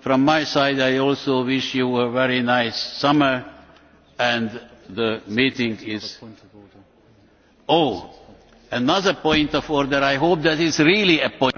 From my side, I also wish you a very nice summer, and the meeting is. Oh, another point of order. I hope that is really a point.